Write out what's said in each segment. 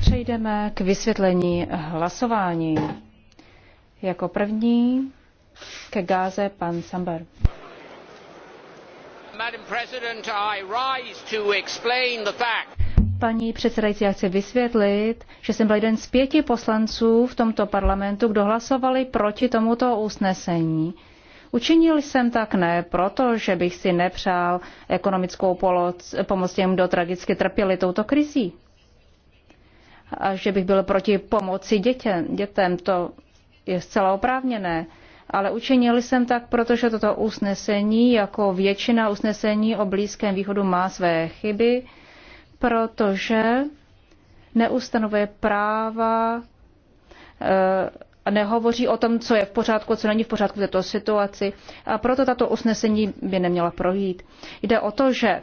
Přejdeme k vysvětlení hlasování. Jako první ke Gáze pan Samber. Paní předsedající, já chci vysvětlit, že jsem byl jeden z pěti poslanců v tomto parlamentu, kdo hlasovali proti tomuto usnesení. Učinil jsem tak ne proto, že bych si nepřál ekonomickou pomoc, těm, kdo tragicky trpěli touto krizí. A že bych byl proti pomoci dětě, dětem, to je zcela oprávněné. Ale učinil jsem tak, protože toto usnesení, jako většina usnesení o Blízkém východu, má své chyby, protože neustanovuje práva eh, a nehovoří o tom, co je v pořádku, co není v pořádku v této situaci. A proto tato usnesení by neměla projít. Jde o to, že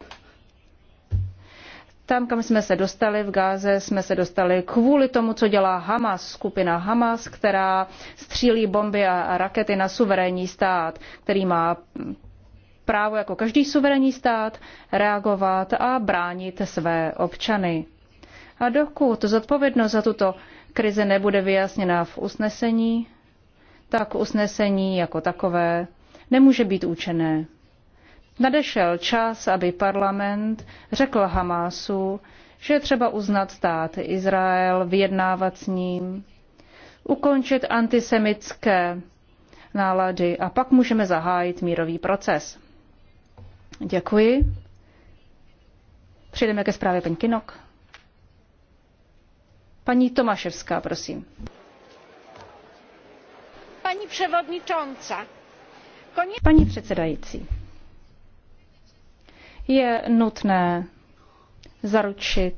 tam, kam jsme se dostali v Gáze, jsme se dostali kvůli tomu, co dělá Hamas, skupina Hamas, která střílí bomby a rakety na suverénní stát, který má právo jako každý suverénní stát reagovat a bránit své občany. A dokud zodpovědnost za tuto krize nebude vyjasněna v usnesení, tak usnesení jako takové nemůže být účinné. Nadešel čas, aby parlament řekl Hamásu, že je třeba uznat stát Izrael, vyjednávat s ním, ukončit antisemické nálady a pak můžeme zahájit mírový proces. Děkuji. Přejdeme ke zprávě paní Kinok. Paní Tomaševská, prosím. Paní předsedající, je nutné zaručit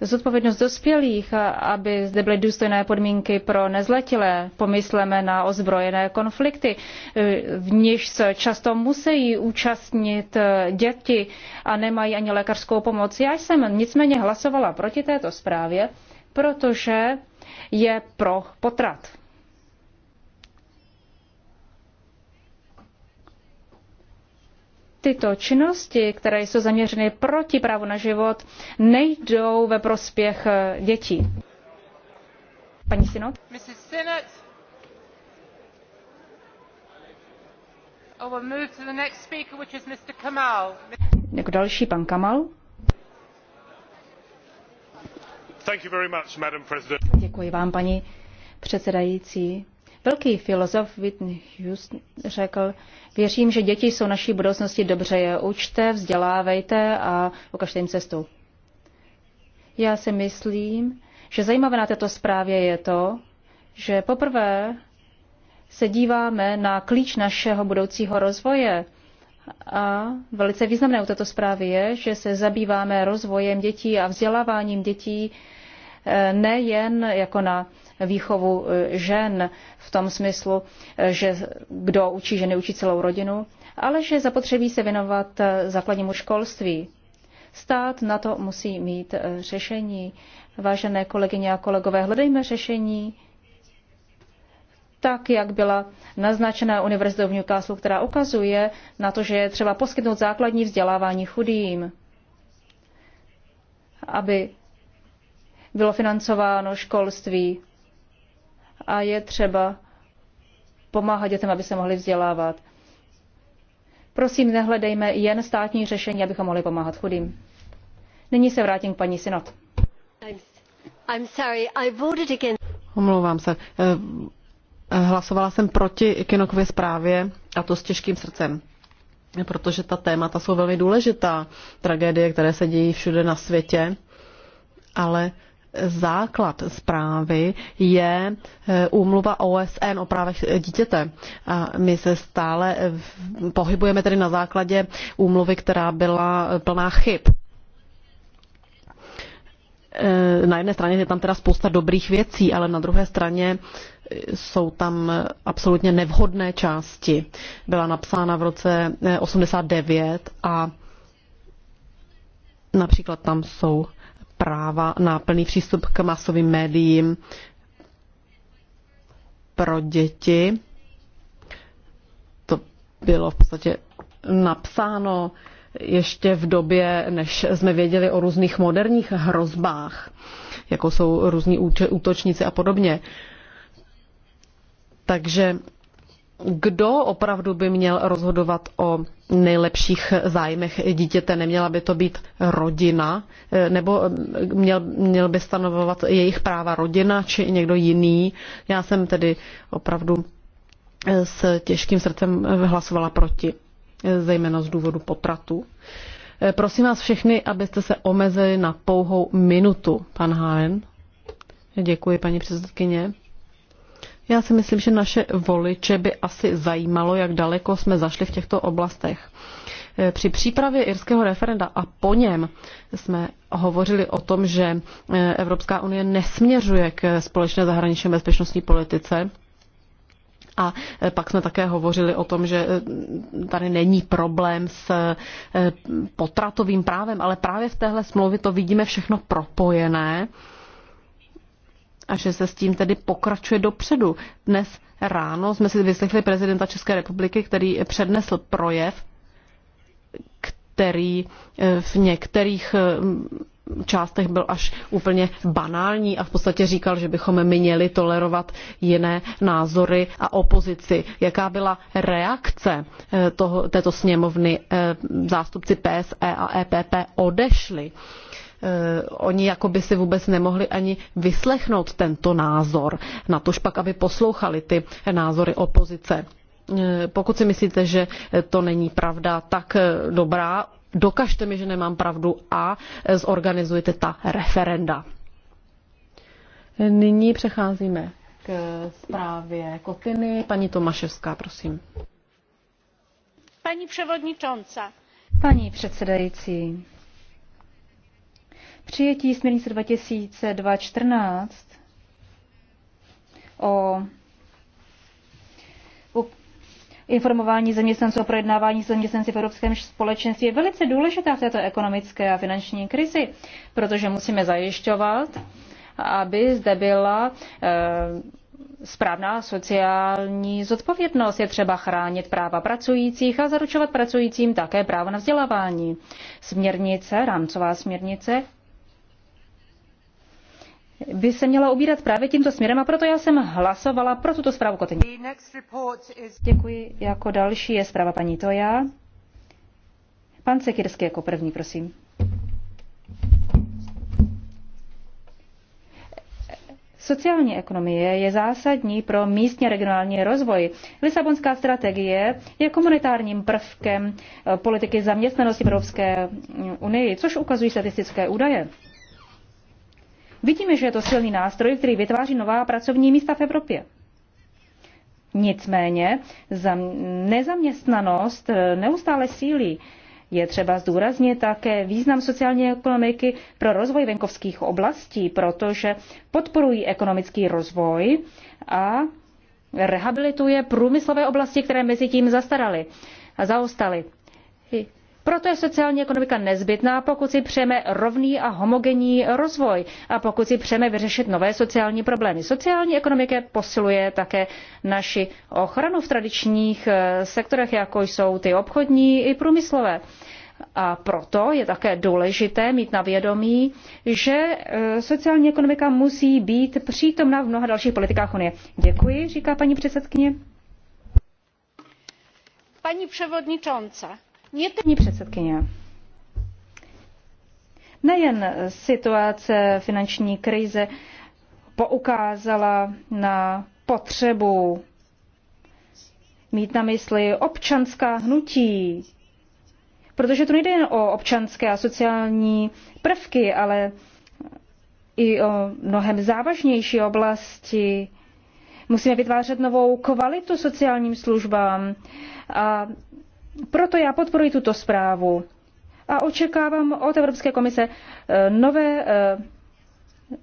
zodpovědnost dospělých, aby zde byly důstojné podmínky pro nezletilé. Pomysleme na ozbrojené konflikty, e, v níž se často musí účastnit e, děti a nemají ani lékařskou pomoc. Já jsem nicméně hlasovala proti této zprávě, protože je pro potrat. tyto činnosti, které jsou zaměřeny proti právu na život, nejdou ve prospěch eh, dětí. Paní Sinot? Jako další pan Kamal. Děkuji vám, paní předsedající. Velký filozof Whitney Houston řekl, věřím, že děti jsou naší budoucnosti dobře je učte, vzdělávejte a ukažte jim cestu. Já si myslím, že zajímavé na této zprávě je to, že poprvé se díváme na klíč našeho budoucího rozvoje. A velice významné u této zprávy je, že se zabýváme rozvojem dětí a vzděláváním dětí eh, nejen jako na výchovu eh, žen v tom smyslu, eh, že kdo učí ženy, učí celou rodinu, ale že zapotřebí se věnovat eh, základnímu školství. Stát na to musí mít řešení. Vážené kolegyně a kolegové, hledejme řešení tak, jak byla naznačena univerzita v Newcastle, která ukazuje na to, že je třeba poskytnout základní vzdělávání chudým, aby bylo financováno školství a je třeba pomáhat dětem, aby se mohli vzdělávat. Prosím, nehledejme jen státní řešení, abychom mohli pomáhat chudým. Nyní se vrátím k paní Sinot. Omlouvám se. Eh, hlasovala jsem proti Kinokově zprávě a to s těžkým srdcem protože ta témata jsou velmi důležitá. Tragédie, které se dějí všude na světě, ale základ zprávy je e, úmluva OSN o právech dítěte. A my se stále pohybujeme tedy na základě úmluvy, která byla plná chyb. E, na jedné straně je tam teda spousta dobrých věcí, ale na druhé straně e, jsou tam absolutně nevhodné části. Byla napsána v roce 89 a například tam jsou práva na plný přístup k masovým médiím pro děti. To bylo v podstatě napsáno ještě v době, než jsme věděli o různých moderních hrozbách, jako jsou různí útočníci a podobně. Takže kdo opravdu by měl rozhodovat o nejlepších zájmech dítěte. Neměla by to být rodina, nebo eh, měl, měl by stanovovat jejich práva rodina či někdo jiný. Já jsem tedy opravdu eh, s těžkým srdcem eh, hlasovala proti, zejména z důvodu potratu. Prosím vás všechny, abyste se omezili na pouhou minutu, pan Háen. Děkuji, paní předsedkyně. Já si myslím, že naše voliče by asi zajímalo, jak daleko jsme zašli v těchto oblastech. E, při přípravě irského referenda a po něm jsme hovořili o tom, že e, Evropská unie nesměřuje k společné zahraniční bezpečnostní politice. A e, pak jsme také hovořili o tom, že tady není problém s potratovým právem, ale právě v téhle smlouvě to vidíme všechno propojené a že se s tím tedy pokračuje dopředu. Dnes ráno jsme si vyslechli prezidenta České republiky, který přednesl projev, který eh, v některých eh, částech byl až úplně banální a v podstatě říkal, že bychom měli tolerovat jiné názory a opozici. Jaká byla reakce eh, toho, této sněmovny? Zástupci PSE a EPP odešli Eh, oni jako by si vůbec nemohli ani vyslechnout tento názor, na tož pak, aby poslouchali ty názory opozice. Eh, pokud si myslíte, že to není pravda, tak eh, dobrá, dokažte mi, že nemám pravdu a zorganizujte ta referenda. Nyní přecházíme k zprávě Kotiny. Paní Tomaševská, prosím. Paní předsedající, Přijetí směrnice 2014 o informování zaměstnanců a projednávání zaměstnanci v Evropském společenství je velice důležitá v této ekonomické a finanční krizi, protože musíme zajišťovat, aby zde byla eh, správná sociální zodpovědnost. Je třeba chránit práva pracujících a zaručovat pracujícím také právo na vzdělávání. Směrnice, rámcová směrnice, by se měla ubírat právě tímto směrem a proto já jsem hlasovala pro tuto zprávu Kotyně. Děkuji. Jako další je zpráva paní Toja. Pan Sekirsky jako první, prosím. Sociální ekonomie je zásadní pro místně regionální rozvoj. Lisabonská strategie je komunitárním prvkem eh, politiky zaměstnanosti Evropské unii, což ukazují statistické údaje. Vidíme, že je to silný nástroj, který vytváří nová pracovní místa v Evropě. Nicméně nezaměstnanost e, neustále sílí. Je třeba zdůraznit také význam sociální ekonomiky pro rozvoj venkovských oblastí, protože podporují ekonomický rozvoj a rehabilituje průmyslové oblasti, které mezi tím zastaraly a zaostaly. Proto je sociální ekonomika nezbytná, pokud si přejeme rovný a homogenní rozvoj a pokud si přejeme vyřešit nové sociální problémy. Sociální ekonomika posiluje také naši ochranu v tradičních eh, sektorech, jako jsou ty obchodní i průmyslové. A proto je také důležité mít na vědomí, že eh, sociální ekonomika musí být přítomna v mnoha dalších politikách Unie. Děkuji, říká paní předsedkyně. Paní převodničonce, Paní předsedkyně, nejen situace finanční krize poukázala na potřebu mít na mysli občanská hnutí, protože tu nejde jen o občanské a sociální prvky, ale i o mnohem závažnější oblasti. Musíme vytvářet novou kvalitu sociálním službám a proto já podporuji tuto zprávu a očekávám od Evropské komise eh, nové eh,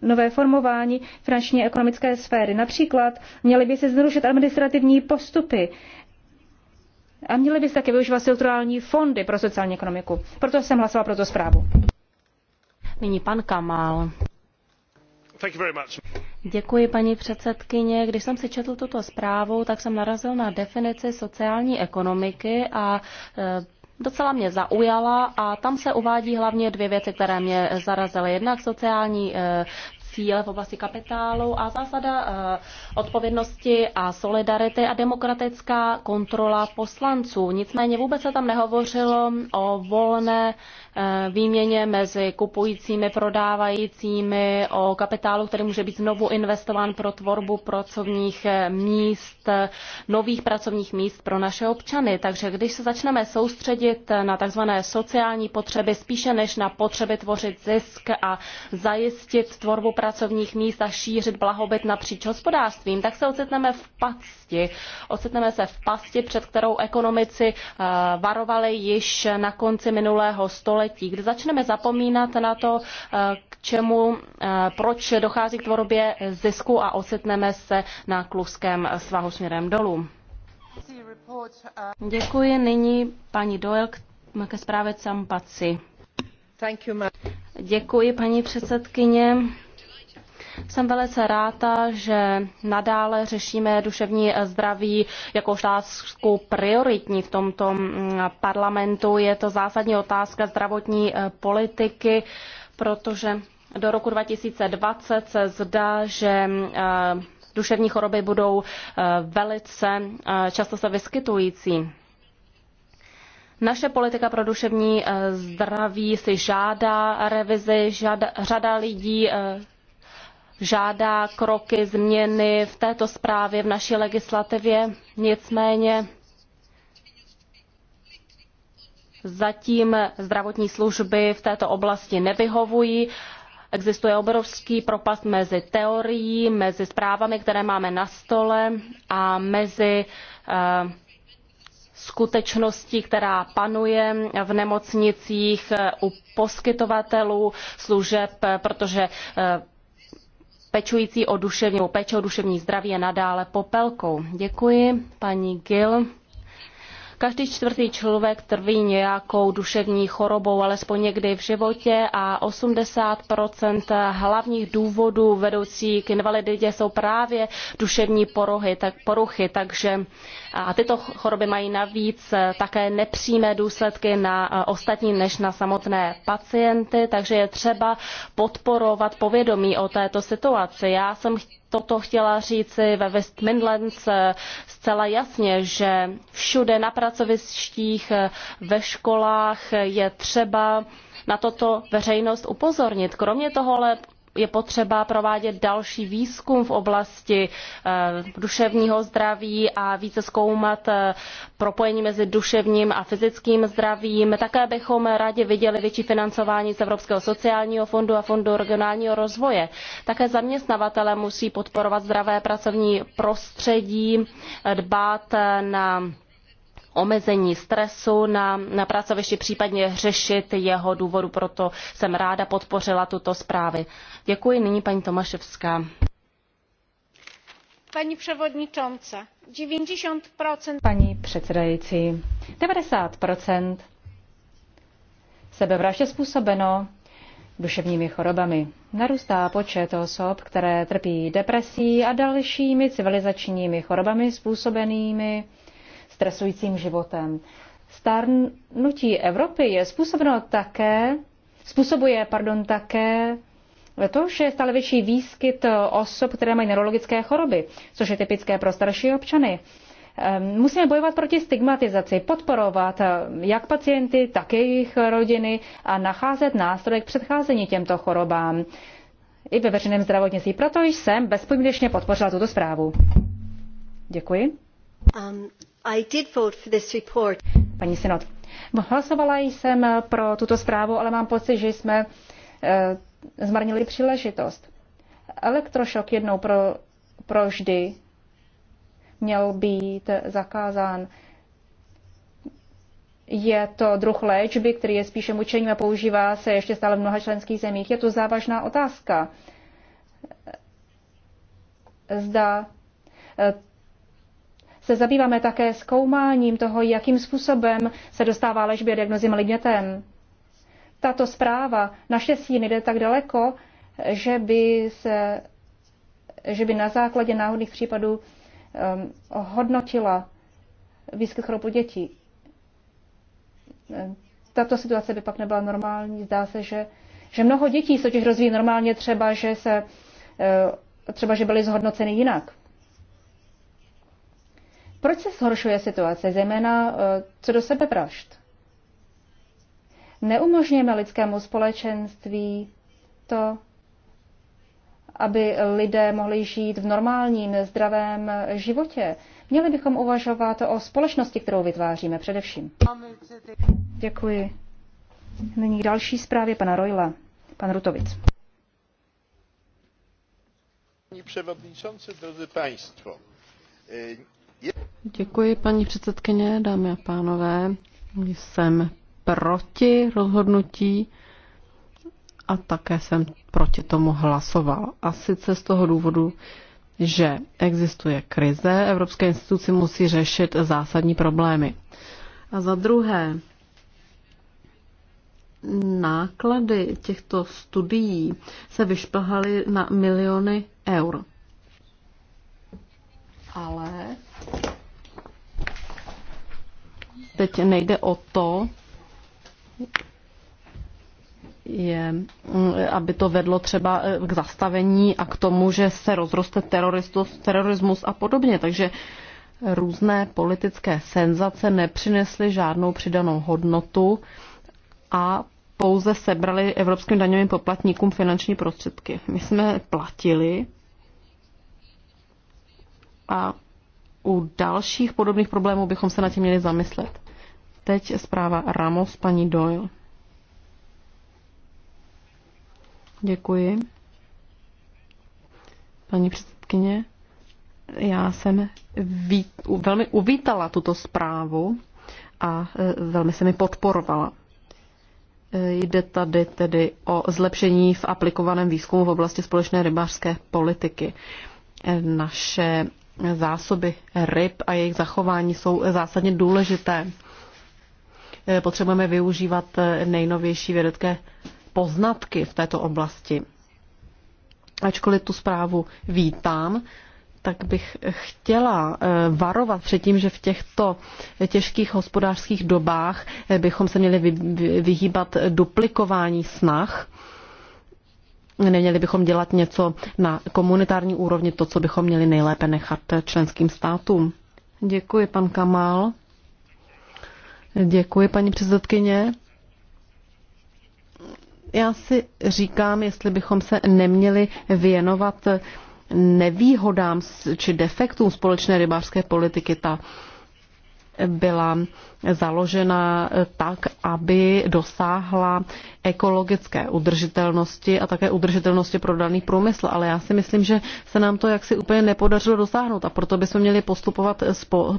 nové formování finanční a ekonomické sféry. Například měly by se zrušit administrativní postupy a měly by se také využívat strukturální fondy pro sociální ekonomiku. Proto jsem hlasovala pro tu zprávu. Nyní pan Kamal. Děkuji, paní předsedkyně. Když jsem si četl tuto zprávu, tak jsem narazil na definici sociální ekonomiky a e, docela mě zaujala a tam se uvádí hlavně dvě věci, které mě zarazily. Jednak sociální e, cíle v oblasti kapitálu a zásada e, odpovědnosti a solidarity a demokratická kontrola poslanců. Nicméně vůbec se tam nehovořilo o volné Eh, výměně mezi kupujícími, prodávajícími, o kapitálu, který může být znovu investován pro tvorbu pracovních eh, míst, nových pracovních míst pro naše občany. Takže když se začneme soustředit na tzv. sociální potřeby spíše než na potřeby tvořit zisk a zajistit tvorbu pracovních míst a šířit blahobyt napříč hospodářstvím, tak se ocitneme v pasti. Ocitneme se v pasti, před kterou ekonomici eh, varovali již na konci minulého století století, kdy začneme zapomínat na to, eh, k čemu, eh, proč dochází k tvorbě zisku a ocitneme se na kluském svahu směrem dolů. Děkuji nyní paní Doyle ke zprávě Campaci. Děkuji, paní předsedkyně. Jsem velice ráda, že nadále řešíme duševní zdraví jako otázku prioritní v tomto mm, parlamentu. Je to zásadní otázka zdravotní e, politiky, protože do roku 2020 se zdá, že e, duševní choroby budou e, velice často se vyskytující. Naše politika pro duševní zdraví si žádá revizi, žada, řada lidí žádá kroky, změny v této zprávě, v naší legislativě. Nicméně zatím zdravotní služby v této oblasti nevyhovují. Existuje obrovský propast mezi teorií, mezi zprávami, které máme na stole a mezi uh, skutečností, která panuje v nemocnicích u poskytovatelů služeb, protože uh, pečující o duševní, péče o duševní zdraví je nadále popelkou. Děkuji, paní Gill. Každý čtvrtý člověk trví nějakou duševní chorobou, alespoň někdy v životě a 80 hlavních důvodů vedoucí k invaliditě jsou právě duševní poruchy, tak, poruchy takže a tyto choroby mají navíc také nepřímé důsledky na ostatní než na samotné pacienty, takže je třeba podporovat povědomí o této situaci. Já jsem chtěla toto chtěla říci ve West Midlands eh, zcela jasně, že všude na pracovištích, eh, ve školách eh, je třeba na toto veřejnost upozornit. Kromě toho ale je potřeba provádět další výzkum v oblasti eh, duševního zdraví a více zkoumat eh, propojení mezi duševním a fyzickým zdravím. Také bychom rádi viděli větší financování z Evropského sociálního fondu a fondu regionálního rozvoje. Také zaměstnavatele musí podporovat zdravé pracovní prostředí, eh, dbát na omezení stresu na, na pracovišti, případně řešit jeho důvodu. Proto jsem ráda podpořila tuto zprávy. Děkuji nyní paní Tomaševská. Paní předsedající, 90%... Paní předsedající, 90% sebevražd je způsobeno duševními chorobami. Narůstá počet osob, které trpí depresí a dalšími civilizačními chorobami způsobenými stresujícím životem. Stárnutí Evropy je způsobeno také, způsobuje pardon, také to, že je stále větší výskyt osob, které mají neurologické choroby, což je typické pro starší občany. Ehm, musíme bojovat proti stigmatizaci, podporovat ehm, jak pacienty, tak jejich rodiny a nacházet nástroje k předcházení těmto chorobám i ve veřejném zdravotnictví. Proto jsem bezpodmínečně podpořila tuto zprávu. Děkuji. Um, Paní Synod, hlasovala jsem pro tuto zprávu, ale mám pocit, že jsme eh, zmarnili příležitost. Elektrošok jednou pro, proždy měl být zakázán. Je to druh léčby, který je spíše mučením a používá se ještě stále v mnoha členských zemích. Je to závažná otázka. Zda eh, se zabýváme také zkoumáním toho, jakým způsobem se dostává ležbě diagnozy malým dětem. Tato zpráva síny jde tak daleko, že by, se, že by na základě náhodných případů um, hodnotila výskyt chorobu dětí. Tato situace by pak nebyla normální. Zdá se, že, že mnoho dětí se těch rozvíjí normálně třeba, že se uh, třeba, že byly zhodnoceny jinak. Proč se zhoršuje situace, zejména eh, co do sebe sebevražd? Neumožňujeme lidskému společenství to, aby lidé mohli žít v normálním, zdravém eh, životě. Měli bychom uvažovat o společnosti, kterou vytváříme především. Děkuji. Nyní k další zprávě pana Rojla. Pan Rutovic. Pani przewodniczący, drodzy państwo, e, Děkuji, paní předsedkyně, dámy a pánové. Jsem proti rozhodnutí a také jsem proti tomu hlasoval. A sice z toho důvodu, že existuje krize, evropské instituce musí řešit zásadní problémy. A za druhé, náklady těchto studií se vyšplhaly na miliony eur. Teď nejde o to, je, aby to vedlo třeba eh, k zastavení a k tomu, že se rozroste terorismus a podobně. Takže různé politické senzace nepřinesly žádnou přidanou hodnotu a pouze sebrali evropským daňovým poplatníkům finanční prostředky. My jsme platili a u dalších podobných problémů bychom se na tím měli zamyslet teď zpráva Ramos, paní Doyle. Děkuji. Paní předsedkyně, já jsem ví, velmi uvítala tuto zprávu a e, velmi se mi podporovala. E, jde tady tedy o zlepšení v aplikovaném výzkumu v oblasti společné rybářské politiky. E, naše zásoby ryb a jejich zachování jsou zásadně důležité Eh, potřebujeme využívat eh, nejnovější vědecké poznatky v této oblasti. Ačkoliv tu zprávu vítám, tak bych chtěla eh, varovat před tím, že v těchto těžkých hospodářských dobách bychom se měli vyhýbat duplikování snah. Neměli bychom dělat něco na komunitární úrovni, to, co bychom měli nejlépe nechat členským státům. Děkuji, pan Kamal. Děkuji, paní předsedkyně. Já si říkám, jestli bychom se neměli věnovat nevýhodám či defektům společné rybářské politiky. Ta byla založena tak, aby dosáhla ekologické udržitelnosti a také udržitelnosti pro daný průmysl. Ale já si myslím, že se nám to jaksi úplně nepodařilo dosáhnout a proto bychom měli postupovat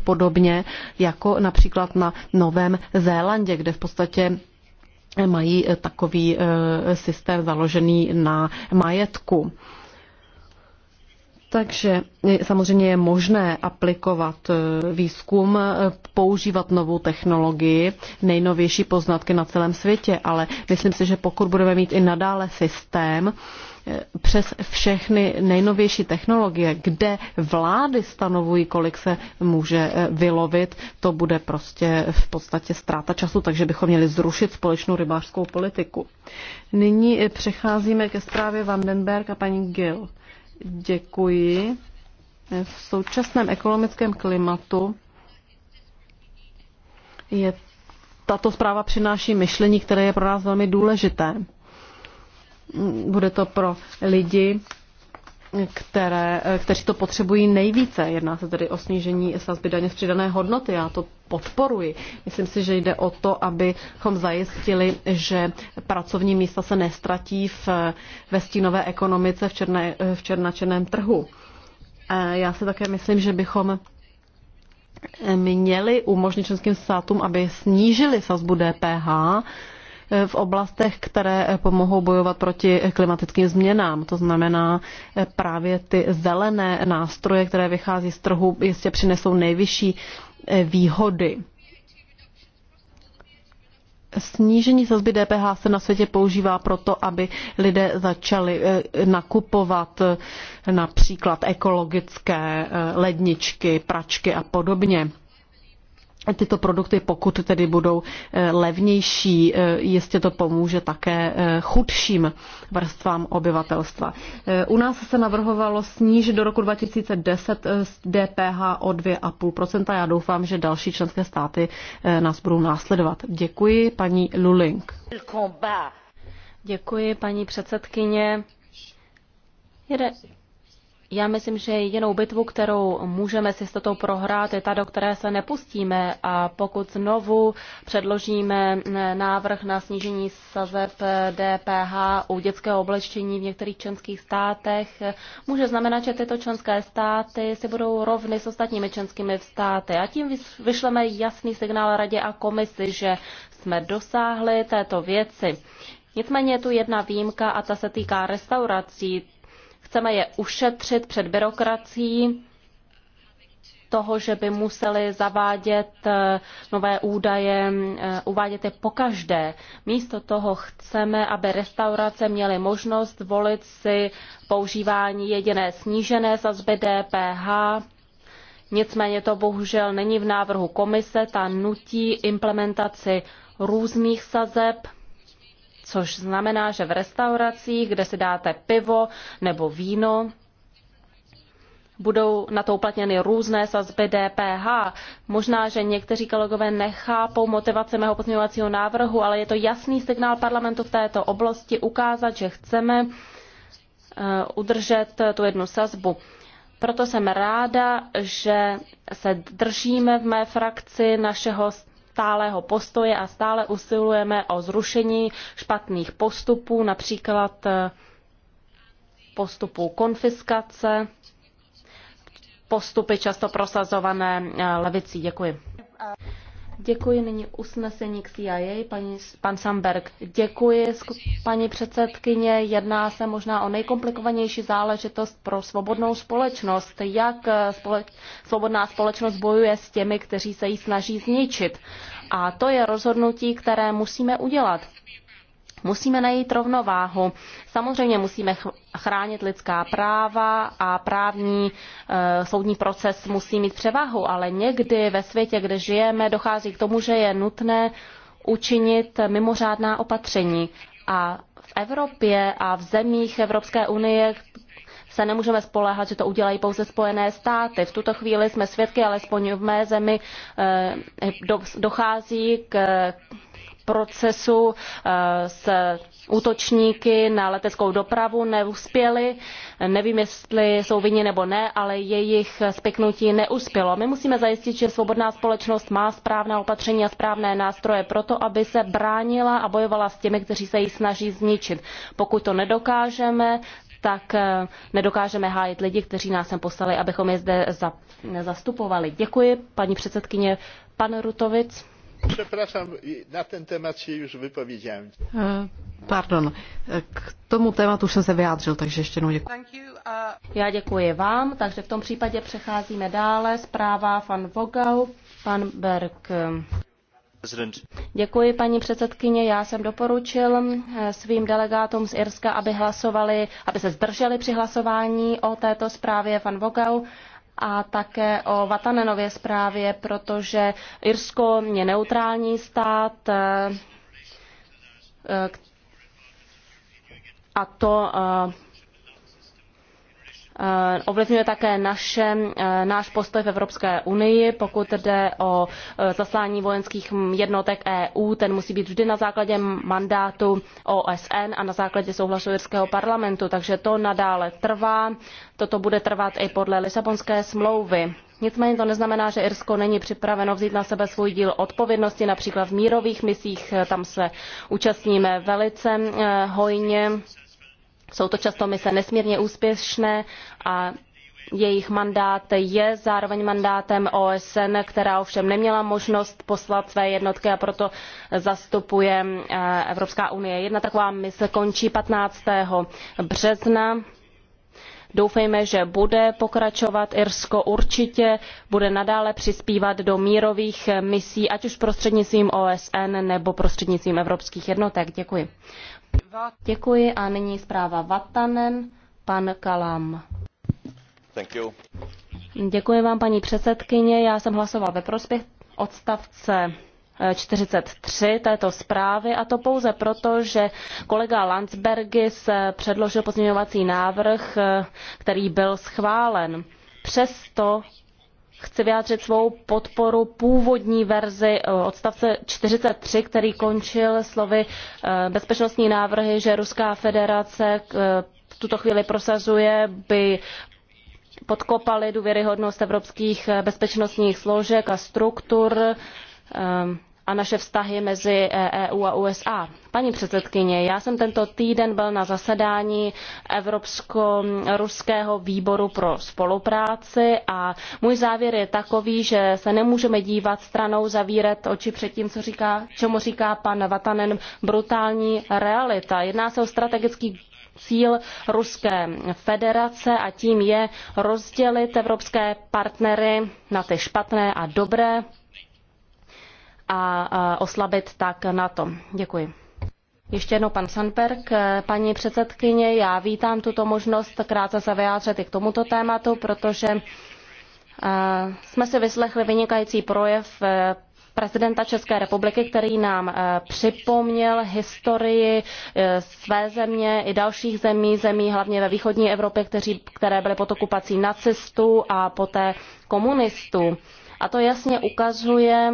podobně jako například na Novém Zélandě, kde v podstatě mají takový eh, systém založený na majetku. Takže eh, samozřejmě je možné aplikovat eh, výzkum, eh, používat novou technologii, nejnovější poznatky na celém světě, ale myslím si, že pokud budeme mít i nadále systém přes všechny nejnovější technologie, kde vlády stanovují, kolik se může vylovit, to bude prostě v podstatě ztráta času, takže bychom měli zrušit společnou rybářskou politiku. Nyní přecházíme ke zprávě Vandenberg a paní Gill. Děkuji. V současném ekonomickém klimatu je tato zpráva přináší myšlení, které je pro nás velmi důležité. Bude to pro lidi, které, eh, kteří to potřebují nejvíce. Jedná se tedy o snížení sazby daně z přidané hodnoty. Já to podporuji. Myslím si, že jde o to, abychom zajistili, že pracovní místa se nestratí v, ve stínové ekonomice v, černé, eh, v černačeném trhu. Eh, já si také myslím, že bychom měli umožnit členským státům, aby snížili sazbu DPH v oblastech, které pomohou bojovat proti klimatickým změnám. To znamená, eh, právě ty zelené nástroje, které vychází z trhu, jistě přinesou nejvyšší eh, výhody. Snížení sazby DPH se na světě používá proto, aby lidé začali eh, nakupovat například ekologické ledničky, pračky a podobně tyto produkty, pokud tedy budou eh, levnější, eh, jistě to pomůže také eh, chudším vrstvám obyvatelstva. U nás se navrhovalo snížit do roku 2010 DPH o 2,5%. Já doufám, že další členské státy nás budou následovat. Děkuji, paní Luling. Děkuji, paní předsedkyně. Jede, já myslím, že jedinou bitvu, kterou můžeme s jistotou prohrát, je ta, do které se nepustíme. A pokud znovu předložíme eh, návrh na snížení sazeb DPH eh, u dětského oblečení v některých členských státech, eh, může znamenat, že tyto členské státy si budou rovny s ostatními členskými státy. A tím vyšleme jasný signál radě a komisi, že jsme dosáhli této věci. Nicméně je tu jedna výjimka a ta se týká restaurací chceme je ušetřit před byrokracií toho, že by museli zavádět eh, nové údaje, eh, uvádět je pokaždé. Místo toho chceme, aby restaurace měly možnost volit si používání jediné snížené sazby DPH. Nicméně to bohužel není v návrhu komise, ta nutí implementaci různých sazeb což znamená, že v restauracích, kde si dáte pivo nebo víno, budou na to uplatněny různé sazby DPH. Možná, že někteří kolegové nechápou motivace mého pozměňovacího návrhu, ale je to jasný signál parlamentu v této oblasti ukázat, že chceme eh, udržet tu jednu sazbu. Proto jsem ráda, že se držíme v mé frakci našeho stálého postoje a stále usilujeme o zrušení špatných postupů, například eh, postupů konfiskace, postupy často prosazované eh, levicí. Děkuji. Děkuji nyní usnesení k CIA, paní, pan Samberg. Děkuji, paní předsedkyně. Jedná se možná o nejkomplikovanější záležitost pro svobodnou společnost. Jak eh, společ, svobodná společnost bojuje s těmi, kteří se ji snaží zničit. A to je rozhodnutí, které musíme udělat. Musíme najít rovnováhu. Samozřejmě musíme chránit lidská práva a právní e, soudní proces musí mít převahu, ale někdy ve světě, kde žijeme, dochází k tomu, že je nutné učinit mimořádná opatření. A v Evropě a v zemích Evropské unie se nemůžeme spoléhat, že to udělají pouze Spojené státy. V tuto chvíli jsme svědky, alespoň v mé zemi, eh, dochází k procesu eh, s útočníky na leteckou dopravu neuspěly. Nevím, jestli jsou vinni nebo ne, ale jejich spiknutí neuspělo. My musíme zajistit, že svobodná společnost má správná opatření a správné nástroje pro to, aby se bránila a bojovala s těmi, kteří se ji snaží zničit. Pokud to nedokážeme, tak eh, nedokážeme hájit lidi, kteří nás sem poslali, abychom je zde zastupovali. Děkuji, paní předsedkyně, pan Rutovic. Přepraszam, na ten témat se už vypověděl. Pardon, e, k tomu tématu jsem se vyjádřil, takže ještě jednou děkuji. Uh, Já děkuji vám, takže v tom případě přecházíme dále. Zpráva pan Vogel, pan Berg. Děkuji, paní předsedkyně. Já jsem doporučil e, svým delegátům z Irska, aby hlasovali, aby se zdrželi při hlasování o této zprávě van Vogel a také o Vatanenově zprávě, protože Irsko je neutrální stát eh, eh, a to eh, Eh, ovlivňuje také naše, eh, náš postoj v Evropské unii, pokud jde o eh, zaslání vojenských jednotek EU. Ten musí být vždy na základě mandátu OSN a na základě souhlasu Irského parlamentu, takže to nadále trvá. Toto bude trvat i podle Lisabonské smlouvy. Nicméně to neznamená, že Irsko není připraveno vzít na sebe svůj díl odpovědnosti, například v mírových misích, tam se účastníme velice hojně. Jsou to často mise nesmírně úspěšné a jejich mandát je zároveň mandátem OSN, která ovšem neměla možnost poslat své jednotky a proto zastupuje eh, Evropská unie. Jedna taková mise končí 15. března. Doufejme, že bude pokračovat. Irsko určitě bude nadále přispívat do mírových misí, ať už prostřednictvím OSN nebo prostřednictvím evropských jednotek. Děkuji. Děkuji a nyní zpráva Vatanen, pan Kalam. Thank you. Děkuji vám, paní předsedkyně. Já jsem hlasoval ve prospěch odstavce 43 eh, této zprávy a to pouze proto, že kolega Landsbergis eh, předložil pozměňovací návrh, eh, který byl schválen. Přesto chci vyjádřit svou podporu původní verzi eh, odstavce 43, který končil slovy eh, bezpečnostní návrhy, že Ruská federace eh, v tuto chvíli prosazuje, by podkopaly důvěryhodnost evropských bezpečnostních složek a struktur a naše vztahy mezi EU eh, e a USA. Paní předsedkyně, já jsem tento týden byl na zasedání Evropsko-ruského výboru pro spolupráci a můj závěr je takový, že se nemůžeme dívat stranou, zavírat oči před tím, co říká, čemu říká pan Vatanen, brutální realita. Jedná se o strategický cíl Ruské federace a tím je rozdělit evropské partnery na ty špatné a dobré a oslabit tak NATO. Děkuji. Ještě jednou pan Sandberg, paní předsedkyně, já vítám tuto možnost krátce se vyjádřit i k tomuto tématu, protože jsme si vyslechli vynikající projev e, prezidenta České republiky, který nám e, připomněl historii e, své země i dalších zemí, zemí hlavně ve východní Evropě, kteří, které byly pod okupací nacistů a poté komunistů. A to jasně ukazuje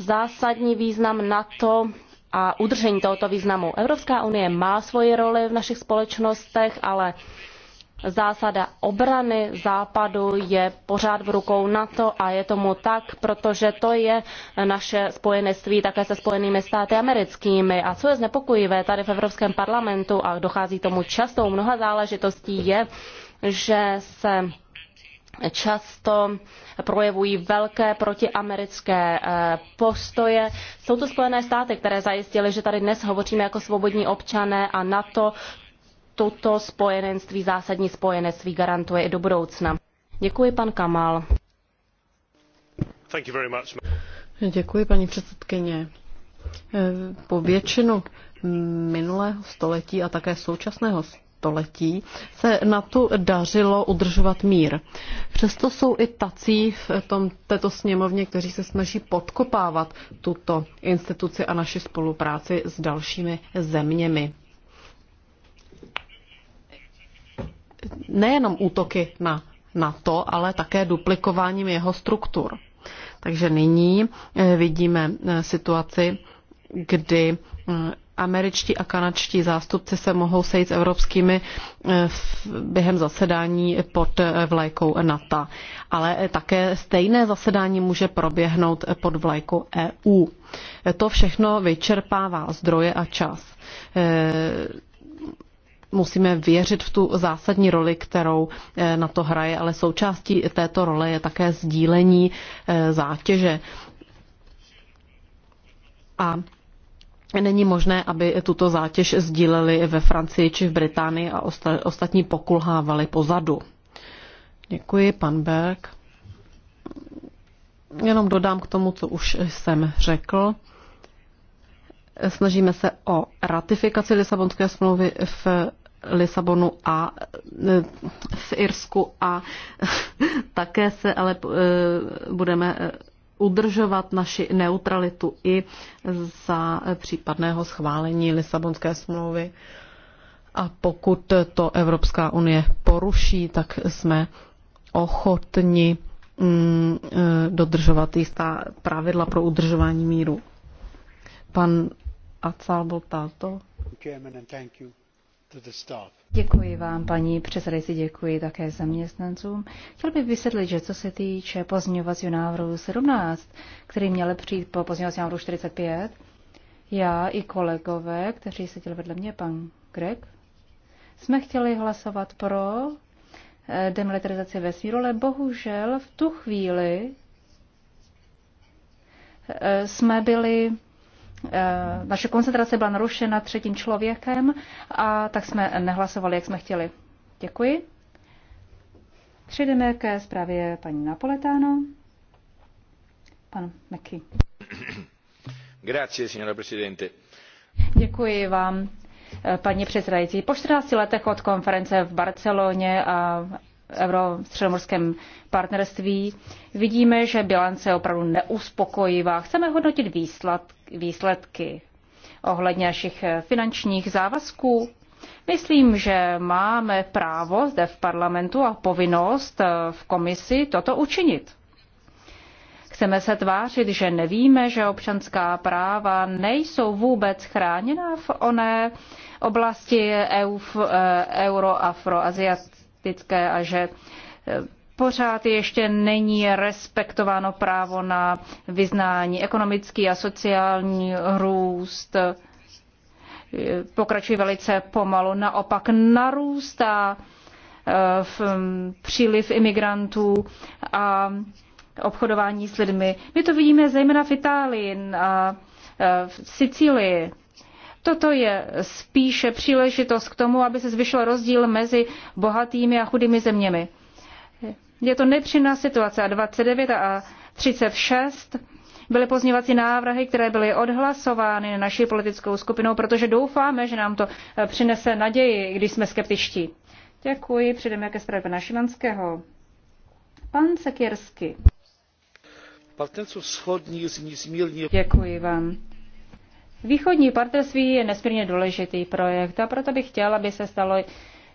zásadní význam NATO a udržení tohoto významu. Evropská unie má svoji roli v našich společnostech, ale zásada obrany západu je pořád v rukou NATO a je tomu tak, protože to je naše spojenectví také se spojenými státy americkými. A co je znepokojivé tady v Evropském parlamentu a dochází tomu často u mnoha záležitostí je, že se často projevují velké protiamerické eh, postoje. Jsou to Spojené státy, které zajistily, že tady dnes hovoříme jako svobodní občané a NATO toto spojenectví, zásadní spojenectví garantuje i do budoucna. Děkuji, pan Kamal. Děkuji, paní předsedkyně. Eh, po většinu minulého století a také současného století se na tu dařilo udržovat mír. Přesto jsou i tací v tom, této sněmovně, kteří se snaží podkopávat tuto instituci a naši spolupráci s dalšími zeměmi. Nejenom útoky na NATO, ale také duplikováním jeho struktur. Takže nyní eh, vidíme eh, situaci, kdy eh, američtí a kanadští zástupci se mohou sejít s evropskými eh, během zasedání pod eh, vlajkou NATO. Ale eh, také stejné zasedání může proběhnout pod vlajkou EU. To všechno vyčerpává zdroje a čas musíme věřit v tu zásadní roli, kterou na to hraje, ale součástí této role je také sdílení zátěže. A není možné, aby tuto zátěž sdíleli ve Francii či v Británii a ostatní pokulhávali pozadu. Děkuji, pan Berg. Jenom dodám k tomu, co už jsem řekl. Snažíme se o ratifikaci Lisabonské smlouvy v Lisabonu a e, v Irsku a také se ale e, budeme e, udržovat naši neutralitu i za případného schválení Lisabonské smlouvy. A pokud to Evropská unie poruší, tak jsme ochotni mm, eh, dodržovat jistá pravidla pro udržování míru. Pan Acal byl tato Chairman, and thank you. Děkuji vám, paní předsedající, děkuji také zaměstnancům. Chtěl bych vysvětlit, že co se týče pozměňovacího návrhu 17, který měl přijít po pozměňovacím návrhu 45, já i kolegové, kteří seděli vedle mě, pan Greg, jsme chtěli hlasovat pro eh, demilitarizaci vesmíru, ale bohužel v tu chvíli eh, jsme byli Eh, naše koncentrace byla narušena třetím člověkem a tak jsme nehlasovali, jak jsme chtěli. Děkuji. Přejdeme ke zprávě paní Napoletáno. Pan Meky. Grazie, signora presidente. Děkuji vám, eh, paní předsedající. Po 14 letech od konference v Barceloně a Euro-středomorském partnerství, vidíme, že bilance je opravdu neuspokojivá. Chceme hodnotit výsledky ohledně našich finančních závazků. Myslím, že máme právo zde v parlamentu a povinnost eh, v komisi toto učinit. Chceme se tvářit, že nevíme, že občanská práva nejsou vůbec chráněna v oné oblasti EU, eh, euroafroaziat, problematické a že eh, pořád ještě není respektováno právo na vyznání, ekonomický a sociální růst eh, pokračují velice pomalu, naopak narůstá eh, v příliv imigrantů a obchodování s lidmi. My to vidíme zejména v Itálii a v Sicílii. Toto je spíše příležitost k tomu, aby se zvyšil rozdíl mezi bohatými a chudými zeměmi. Je to nepříjemná situace a 29 a 36 byly pozněvací návrhy, které byly odhlasovány naší politickou skupinou, protože doufáme, že nám to eh, přinese naději, když jsme skeptičtí. Děkuji, přejdeme ke zprávě pana Šimanského. Pan Sekirsky. schodní Děkuji vám. Východní partnerství je nesmírně důležitý projekt a proto bych chtěla, aby se stalo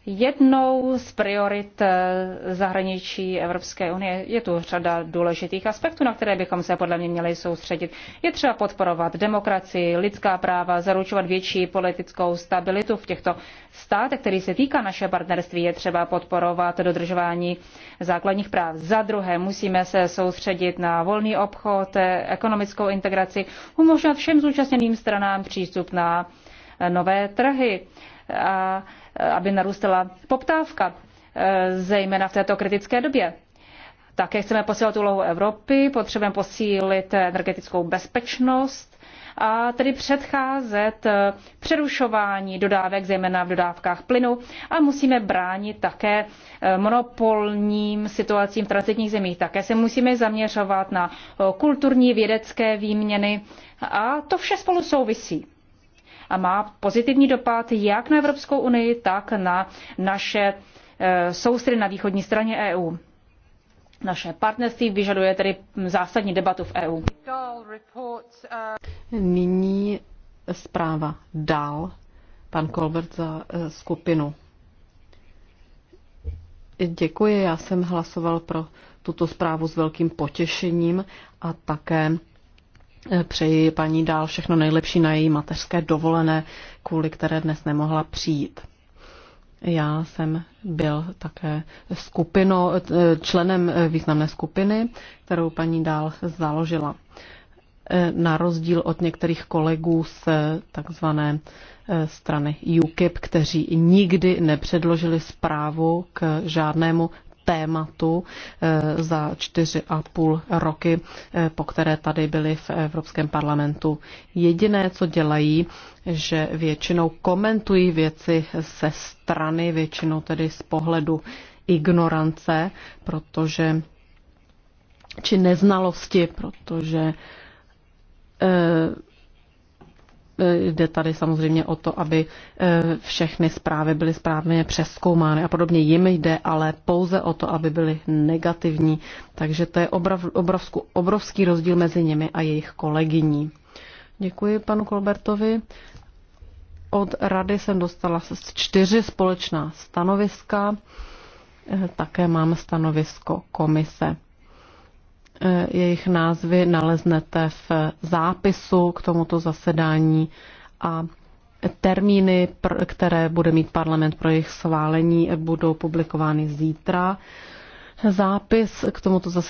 jednou z priorit eh, zahraničí Evropské unie. Je tu řada důležitých aspektů, na které bychom se podle mě měli soustředit. Je třeba podporovat demokracii, lidská práva, zaručovat větší politickou stabilitu v těchto státech, který se týká naše partnerství. Je třeba podporovat dodržování základních práv. Za druhé musíme se soustředit na volný obchod, eh, ekonomickou integraci, umožňovat všem zúčastněným stranám přístup na eh, nové trhy. A Eh, aby narůstala poptávka, eh, zejména v této kritické době. Také chceme posílat úlohu Evropy, potřebujeme posílit energetickou bezpečnost a tedy předcházet eh, přerušování dodávek, zejména v dodávkách plynu a musíme bránit také monopolním situacím v transitních zemích. Také se musíme zaměřovat na kulturní vědecké výměny a to vše spolu souvisí a má pozitivní dopad jak na Evropskou unii, tak na naše eh, soustry na východní straně EU. Naše partnerství vyžaduje tedy zásadní debatu v EU. Nyní zpráva dál. Pan Kolbert za eh, skupinu. Děkuji, já jsem hlasoval pro tuto zprávu s velkým potěšením a také Eh, přeji paní dál všechno nejlepší na její mateřské dovolené, kvůli které dnes nemohla přijít. Já jsem byl také skupino, eh, členem eh, významné skupiny, kterou paní dál založila. Na rozdíl od některých kolegů z takzvané strany UKIP, kteří nikdy nepředložili zprávu k žádnému tématu eh, za čtyři a půl roky, eh, po které tady byli v Evropském parlamentu. Jediné, co dělají, že většinou komentují věci se strany, většinou tedy z pohledu ignorance, protože či neznalosti, protože eh, Eh, jde tady samozřejmě o to, aby eh, všechny zprávy byly správně přeskoumány a podobně. Jim jde ale pouze o to, aby byly negativní. Takže to je obrov, obrovsku, obrovský rozdíl mezi nimi a jejich kolegyní. Děkuji panu Kolbertovi. Od rady jsem dostala čtyři společná stanoviska. Eh, také mám stanovisko komise. Eh, jejich názvy naleznete v eh, zápisu k tomuto zasedání a termíny, které bude mít parlament pro jejich schválení, eh, budou publikovány zítra. Zápis k tomuto zasedání